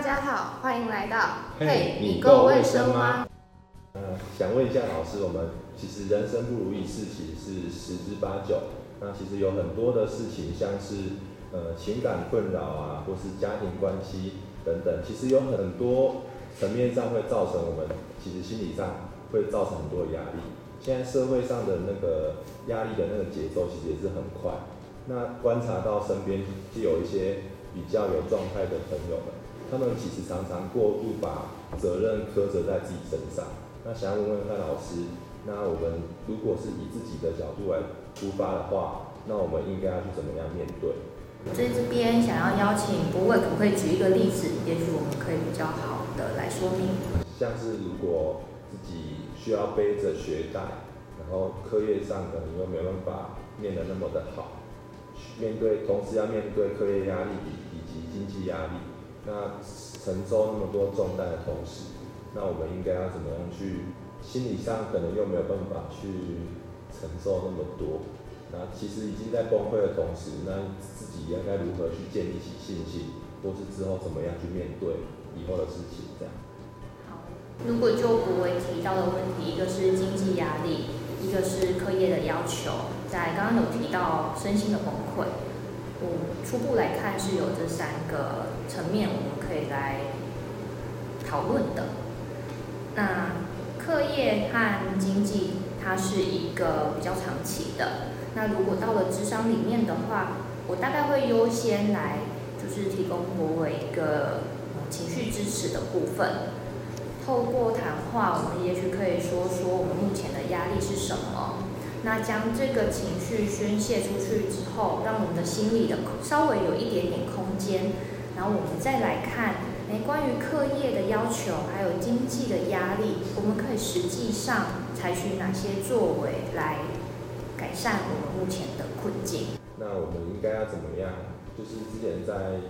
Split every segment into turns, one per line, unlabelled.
大家好，歡迎來到。嘿，你夠衛
生嗎？呃，想問一下老師，我們其實人生不如意事情是十之八九。那其實有很多的事情，像是呃情感困擾啊，或是家庭關係等等，其實有很多層面上會造成我們其實心理上會造成很多壓力。現在社會上的那個壓力的那個節奏其實也是很快。那觀察到身邊就有一些比較有狀態的朋友們。他們其實常常過度把責任苛責在自己身上，那想要問問看老師，那我們如果是以自己的角度來出發的話，那我們應該要去怎麼樣面對？所以這邊想要邀
請柏瑋，可不可以舉一個
例子？也許我們可以比較好的來說
明。像是如果自己需要背着學貸，然後課業上可能又沒辦法面的那麼的好，面對同時要面對課業壓力以及經濟壓力。那承受那麼多重擔的同時，那我們應該要怎麼樣去？心理上可能又沒有辦法去承受那麼多。那其實已經在崩潰的同時，那自己應該如何去建立起信心，或是之後怎麼樣去面對以後的事情？這樣。
好，如果就柏瑋提到的問題，一個是經濟壓力，一個是課業的要求，在剛剛有提到身心的崩潰，我初步來看是有這三個。層面，我們可以來討論的。那課業和經濟它是一個比較長期的。那如果到了諮商裡面的話，我大概會優先來就是提供我一個情緒支持的部分。透過談話，我們也許可以說說我們目前的壓力是什麼。那將這個情緒宣洩出去之後，讓我們的心裡的稍微有一點點空間。然後我們再來看，哎，關於課業的要求，還有經濟的壓力，我們可以實際上採取哪些作為來改善我
們目前的困境？那我們應該要怎麼樣？就是之前在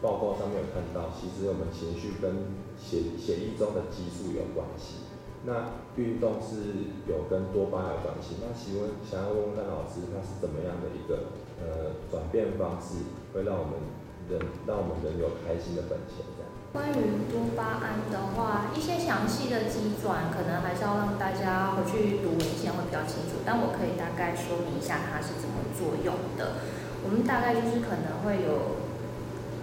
報告上面有看到，其實我們情緒跟血血液中的激素有關係。那運動是有跟多巴胺有關係。那請問，想要問問看老師，他是怎麼樣的一個呃轉變方式，會讓我們？讓我們能有開心的本
錢，這樣。關於多巴胺的話，一些詳細的機轉可能還是要讓大家回去讀文獻會比較清楚，但我可以大概說明一下它是怎麼作用的。我們大概就是可能會有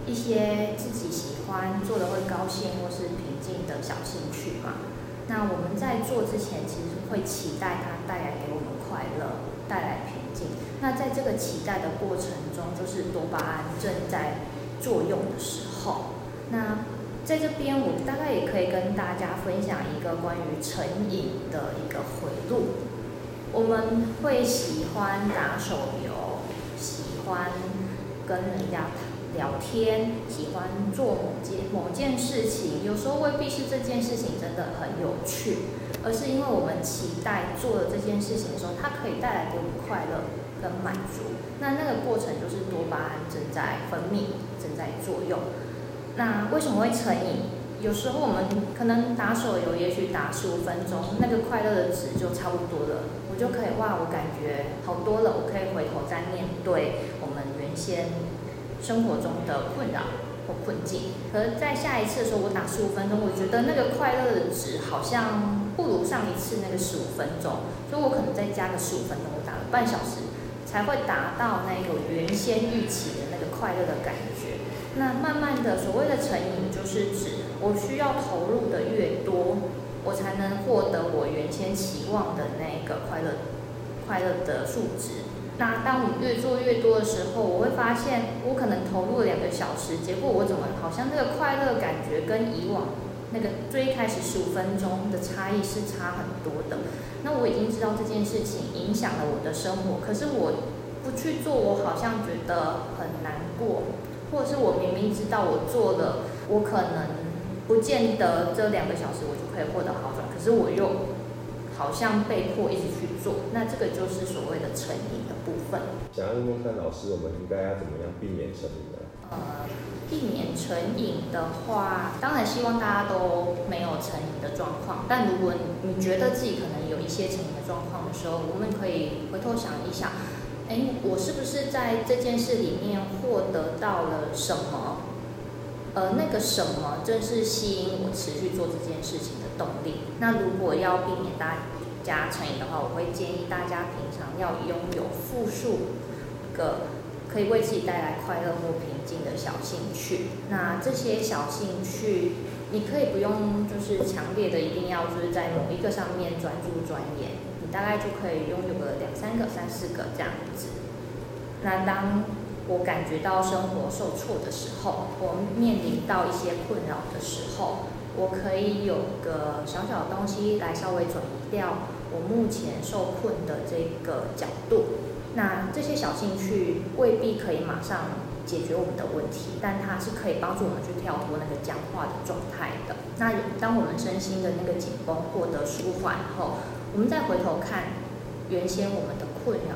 一些自己喜歡做的會高興或是平靜的小興趣嘛。那我們在做之前，其實會期待它帶來給我們快樂，帶來平靜。那在這個期待的過程中，就是多巴胺正在。作用的時候，那在這邊，我們大概也可以跟大家分享一個關於成癮的一個迴路。我們會喜歡打手游，喜歡跟人家聊天，喜歡做某件某件事情。有時候未必是這件事情真的很有趣，而是因為我們期待做了這件事情的時候，它可以帶來的我們快樂帶來給我們快樂的滿足，那那個過程就是多巴胺正在分泌，正在作用。那為什麼會成癮？有時候我們可能打手遊，也許打十五分鐘，那個快樂的值就差不多了，我就可以，哇，我感覺好多了，我可以回頭再面對我們原先生活中的困擾或困境。可是在下一次的時候，我打十五分鐘，我覺得那個快樂的值好像不如上一次那個十五分鐘，所以我可能再加個十五分鐘，我打了半小時。才會達到那一個原先預期的那個快樂的感覺。那慢慢的，所謂的成癮就是指我需要投入的越多，我才能獲得我原先期望的那個快樂快樂的數值。那當我越做越多的時候，我會發現我可能投入了兩個小時，結果我怎麼好像這個快樂感覺跟以往那個最開始十五分鐘的差異是差很多的。那我已經知道這件事情影響了我的生活，可是我不去做，我好像覺得很難過，或者是我明明知道我做了，我可能不見得這兩個小時我就可以獲得好轉，可是我又好像被迫一直去做，那這個就是所謂的成癮
的部分。想要問問看老師，我們應該要怎麼樣避免成癮？呃，
避免成癮的話，當然希望大家都沒有成癮的狀況。但如果你覺得自己可能有一些成癮的狀況的時候，嗯，我們可以回頭想一想，誒，我是不是在這件事裡面獲得到了什麼？呃，那個什麼正是吸引我持續做這件事情的動力。那如果要避免大家成癮的話，我會建議大家平常要擁有複數個。可以為自己帶來快樂或平靜的小興趣，那這些小興趣，你可以不用就是強烈的一定要就是在某一個上面專注鑽研，你大概就可以擁有個兩三個、三四個這樣子。那當我感覺到生活受挫的時候，我面臨到一些困擾的時候，我可以有個小小的東西來稍微轉移掉我目前受困的這個角度。那這些小興趣未必可以馬上解決我們的問題，但它是可以幫助我們去跳脫那個僵化的狀態的。那當我們身心的那個緊繃獲得舒緩後，我們再回頭看原先我們的困擾，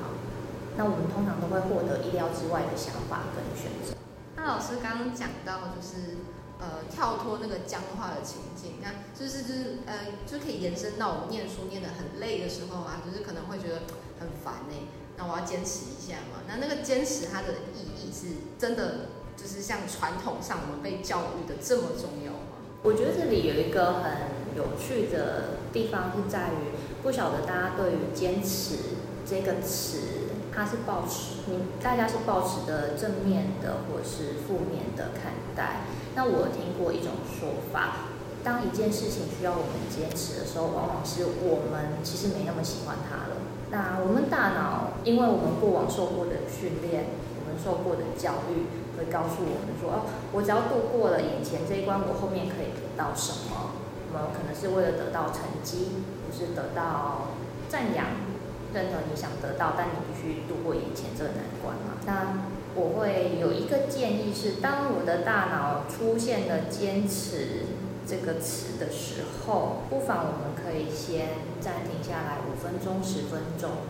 那我們通常都會獲得意料之外的想法跟選擇。
那、啊、老師剛剛講到就是。呃，跳脫那個僵化的情境，你看，就是就是呃，就可以延伸到我念書念得很累的時候啊，就是可能會覺得很煩呢、欸。那我要堅持一下嘛。那那個堅持它的意義是真的，就是像傳統上我們被教育的這麼重要嗎？
我覺得這裡有一個很有趣的地方是在於，不曉得大家對於“堅持”這個詞，它是抱持你大家是抱持的正面的，或是負面的看待？那我聽過一種說法，當一件事情需要我們堅持的時候，往往是我們其實沒那麼喜歡它了。那我們大腦，因為我們過往受過的訓練，我們受過的教育，會告訴我們說，哦，我只要度過了眼前這一關，我後面可以得到什麼？我們可能是為了得到成績，不是得到讚揚，認同你想得到，但你必須度過眼前這個難關嘛？那。我會有一個建議是，當我的大腦出現了“堅持”這個詞的時候，不妨我們可以先暫停下來五分鐘、十分鐘，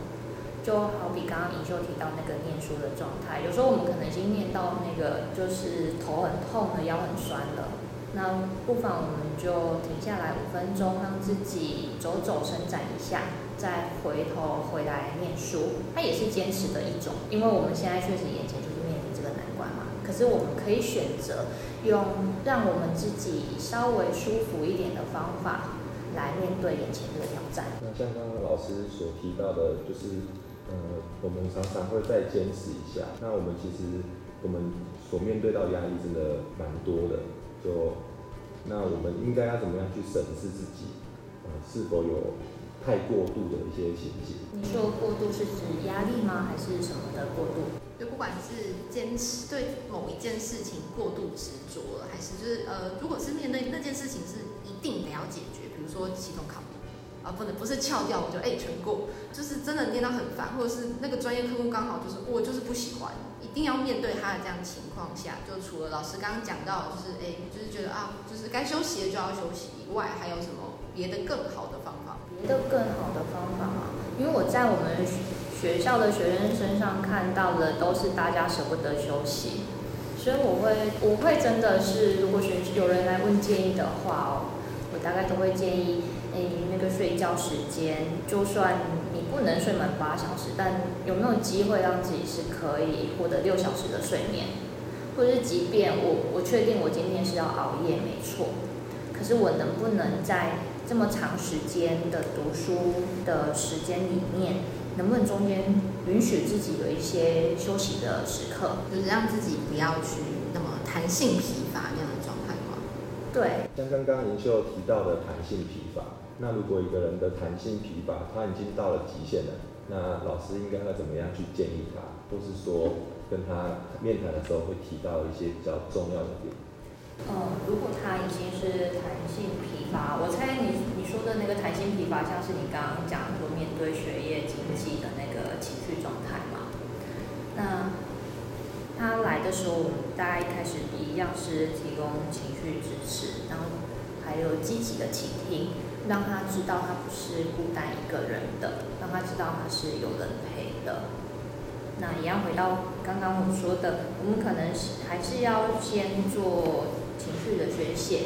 就好比剛剛盈秀提到那個念書的狀態。有時候我們可能已經念到那個，就是頭很痛了、腰很酸了，那不妨我們就停下來五分鐘，讓自己走走、伸展一下，再回頭回來念書。它也是堅持的一種，因為我們現在確實眼前。是，我們可以選擇用讓我們自己稍微舒服一點的方法來面對眼前
的挑戰。那像剛剛老師所提到的，就是呃，我們常常會再堅持一下。那我們其實我們所面對到的壓力真的蠻多的，就那我們應該要怎麼樣去審視自己，呃，是否有？太過度的一些情
形。你說過度是指壓力嗎？還是什麼的過度？
就不管是堅持對某一件事情過度執着了，還是就是呃，如果是面對那件事情是一定得要解決，比如說系統考啊，不能不是翹掉我就哎、欸、全過，就是真的念到很煩，或者是那個專業科目剛好就是我就是不喜歡，一定要面對他的這樣情況下，就除了老師剛剛講到的就是哎、欸、就是覺得啊就是該休息的就要休息以外，還有什麼別的更好的方法？一個更好的方法啊？
因為我在我們學校的學生身上看到的都是大家捨不得休息，所以我會我會真的是，如果有人來問建議的話哦，我大概都會建議，欸，那個睡覺時間，就算你不能睡滿八小時，但有沒有機會讓自己是可以獲得六小時的睡眠？或者是即便我我確定我今天是要熬夜，沒錯，可是我能不能在？這麼長時間的讀書的時間裡面，能不能中間允許
自己有一些休息的時刻，就是讓自己不要去那麼彈性疲乏那樣的狀態嗎？
對。像剛剛盈秀提到的彈性疲乏，那如果一個人的彈性疲乏他已經到了極限了，那老師應該要怎麼樣去建議他，或是說跟他面談的時候會提到一些比較重要的點？
嗯，如果他已經是彈性疲乏，我猜你你說的那個彈性疲乏，像是你剛剛講的，就面對學業、經濟的那個情緒狀態嘛。那他來的時候，我們大家一開始一樣是提供情緒支持，然後還有積極的傾聽，讓他知道他不是孤單一個人的，讓他知道他是有人陪的。那一樣回到剛剛我們說的，我們可能是還是要先做。情緒的宣洩，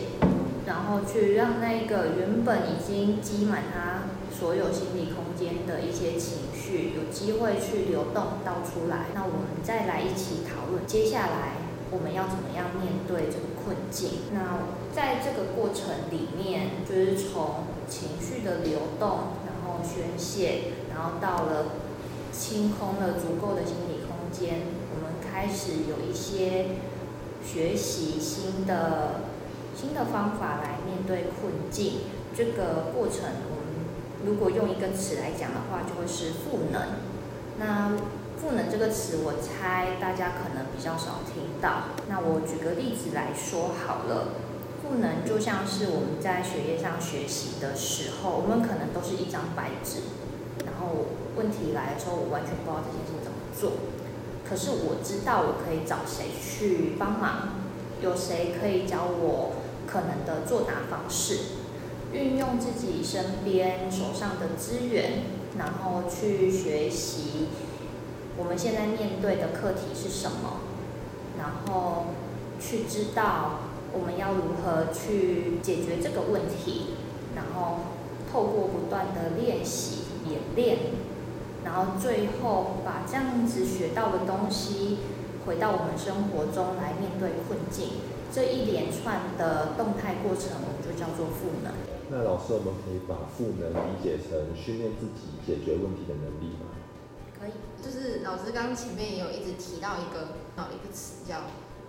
然後去讓那個原本已經積滿他所有心理空間的一些情緒，有機會去流動到出來。那我們再來一起討論，接下來我們要怎麼樣面對這個困境？那在這個過程裡面，就是從情緒的流動，然後宣洩，然後到了清空了足夠的心理空間，我們開始有一些，學習新的新的方法來面對困境，這個過程，我們如果用一個詞來講的話，就會是賦能。那賦能這個詞，我猜大家可能比較少聽到。那我舉個例子來說好了，
賦能就
像是我們在學業上學習的時候，我們可能都是一張白紙，然後問題來的時候，我完全不知道這件事怎麼做。可是我知道我可以找誰去幫忙，有誰可以教我可能的作答方式，運用自己身邊手上的資源，然後去學習我們現在面對的課題是什麼，然後去知道我們要如何去解決這個問題，然後透過不斷的練習演練。練練然後最後把這樣子學到的東西回到我們生活中來面對困境，這一連串的動態過程，我們就叫做賦能。
那老師，我們可以把賦能理解成訓練自己解決問題的能力嗎？
可以，就是老師剛剛前面也有一直提到一個一個詞叫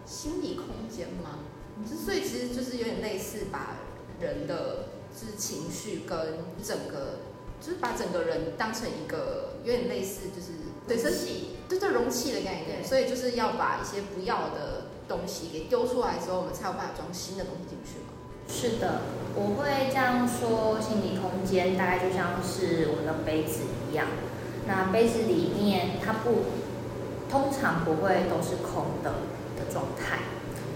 心理空間嗎？之所以其實就是有點類似把人的就是情緒跟整個，就是把整個人當成一個。有點類似，就是對，就這容器的概念。所以就是要把一些不要的東西給丟出來之後，我們才有辦法裝新的東西進去。是的，我會這樣說：心理空
間大概就像是我們的杯子一樣。那杯子裡面，它不通常不會都是空的的狀態，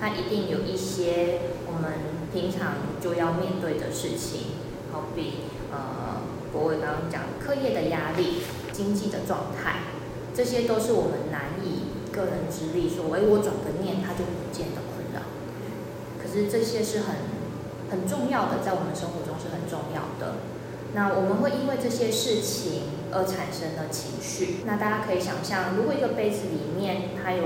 它一定有一些我們平常就要面對的事情，好比呃，柏瑋剛剛講課業的壓力。經濟的狀態，這些都是我們難以個人之力，所謂我轉個念，它就不見得困擾。可是這些是很很重要的，在我們生活中是很重要的。那我們會因為這些事情而產生了情緒。那大家可以想象，如果一個杯子裡面它有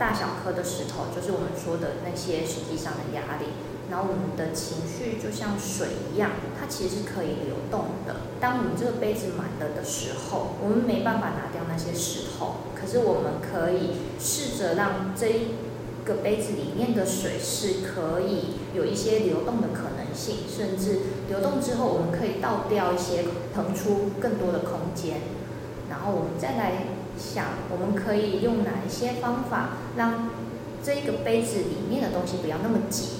大小顆的石頭，就是我們說的那些實際上的壓力。然後我們的情緒就像水一樣，它其實是可以流動的。當我們這個杯子滿了的時候，我們沒辦法拿掉那些石頭，可是我們可以試着讓這一個杯子裡面的水是可以有一些流動的可能性，甚至流動之後，我們可以倒掉一些，騰出更多的空間。然後我們再來想，我們可以用哪一些方法讓這一個杯子裡面的東西不要那麼擠？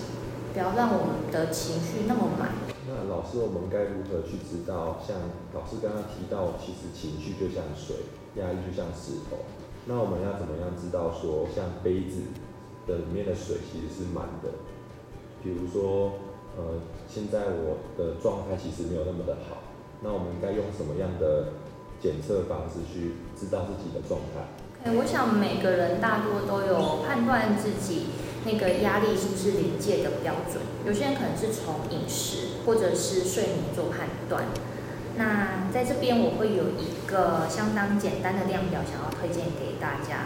不要讓我們的
情緒那麼滿。那老師，我們該如何去知道？像老師剛剛提到，其實情緒就像水，壓力就像石頭。那我們要怎麼樣知道說，像杯子的裡面的水其實是滿的？比如說，呃，現在我的狀態其實沒有那麼的好。那我們該用什麼樣的檢測方式去知道自己的狀態
？Okay, 我想每個人大多都有判斷自己。那個壓力是不是臨界的標準？有些人可能是從飲食或者是睡眠做判斷。那在這邊我會有一個相當簡單的量表，想要推薦給大家。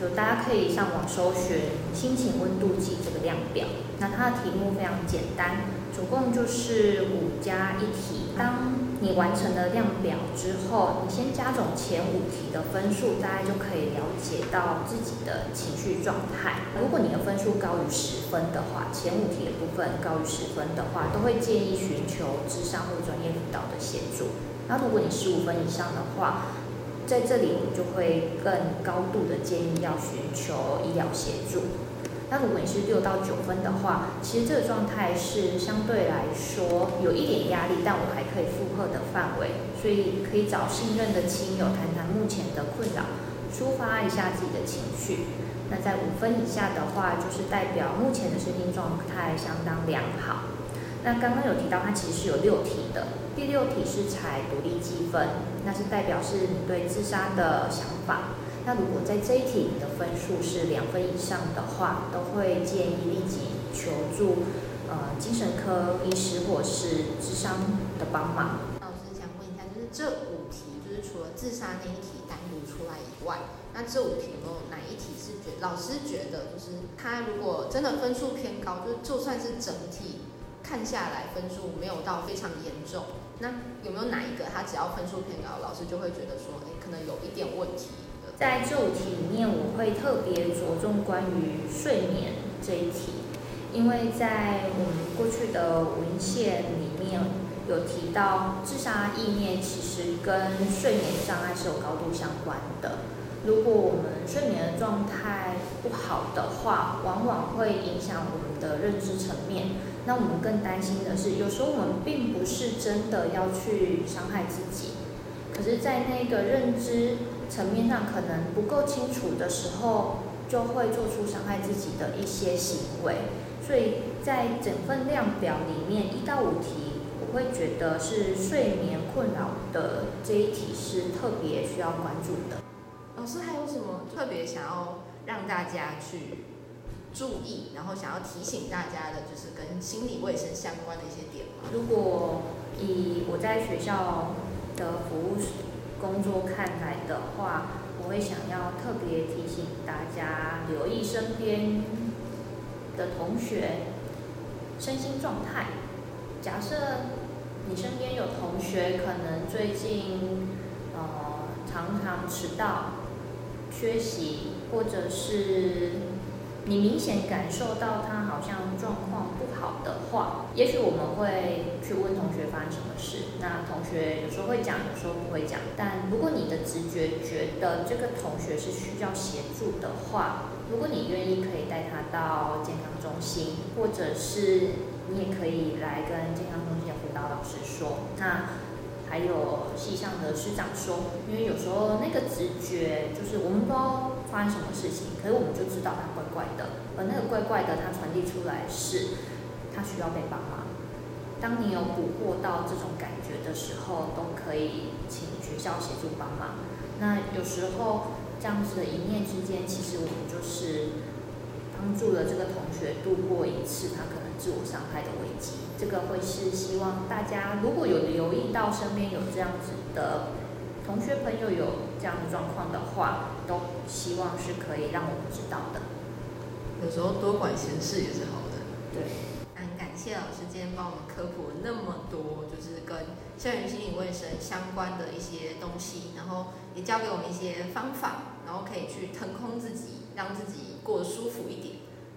就大家可以上網搜尋“心情溫度計”這個量表。那它的題目非常簡單，總共就是五加一題，當你完成了量表之後，你先加總前五題的分數，大家就可以了解到自己的情緒狀態。如果你的分數高於十分的話，前五題的部分高於十分的話，都會建議尋求諮商或專業輔導的協助。那如果你十五分以上的話，在這裡我就會更高度的建議要尋求醫療協助。那如果也是六到九分的話，其實這個狀態是相對來說有一點壓力，但我還可以負荷的範圍，所以可以找信任的親友談談目前的困擾，抒發一下自己的情緒。那在五分以下的話，就是代表目前的身心狀態相當良好。那剛剛有提到，它其實是有六題的，第六題是才獨立計分，那是代表是你對自殺的想法。那如果在這一題你的分數是兩分以上的話，都會建議立即求助，呃，精神科醫師或是諮商的幫忙。那
老師想問一下，就是這五題，就是除了自殺那一題單獨出來以外，那這五題哦，哪一題是覺得老師覺得就是他如果真的分數偏高，就是就算是整體看下來分數沒有到非常嚴重。那有沒有哪一個他只要分數偏高，老師就會覺得說，哎、欸，可能有一點問題，對不
對？在這五題裡面，我會特別着重關於睡眠這一題，因為在我們過去的文獻裡面有提到，自殺意念其實跟睡眠障礙是有高度相關的。如果我們睡眠的狀態不好的話，往往會影響我們。的認知層面，那我們更擔心的是，有時候我們並不是真的要去傷害自己，可是，在那個認知層面上可能不夠清楚的時候，就會做出傷害自己的一些行為。所以在整份量表裡面，一到五題，我會覺得是睡眠困擾的這一題是特別需要關注的。
老師還有什麼特別想要讓大家去注意，然後想要提醒大家的就是跟心理衛生相關的一些點嘛。
如果以我在學校的服務工作看來的話，我會想要特別提醒大家留意身邊的同學身心狀態。假設你身邊有同學可能最近呃常常遲到、缺席，或者是。你明顯感受到他好像狀況不好的話，也許我們會去問同學發生什麼事。那同學有時候會講，有時候不會講。但如果你的直覺覺得這個同學是需要協助的話，如果你願意，可以帶他到健康中心，或者是你也可以來跟健康中心的輔導老師說。那還有系上的師長說，因為有時候那個直覺就是我們不知道發生什麼事情，可是我們就知道。怪，怪的，而那個怪怪的，它傳遞出來是他需要被幫忙。當你有捕獲到這種感覺的時候，都可以請學校協助幫忙。那有時候這樣子的一念之間，其實我們就是幫助了這個同學度過一次他可能自我傷害的危機。這個會是希望大家如果有留意到身邊有這樣子的同學朋友有這樣的狀況的話，都希望是可以讓我們知道的。
有時候多管閒事也是好的。對，那很感謝老師今天幫我們科普了那麼多，就是跟校園心理衛生相關的一些東西，然後也教給我們一些方法，然後可以去騰空自己，讓自己過得舒服一點。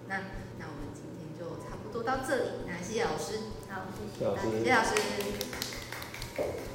那
那我們今天就差不多到這裡，那謝謝老師，好，謝謝老
師。老師。謝謝老師。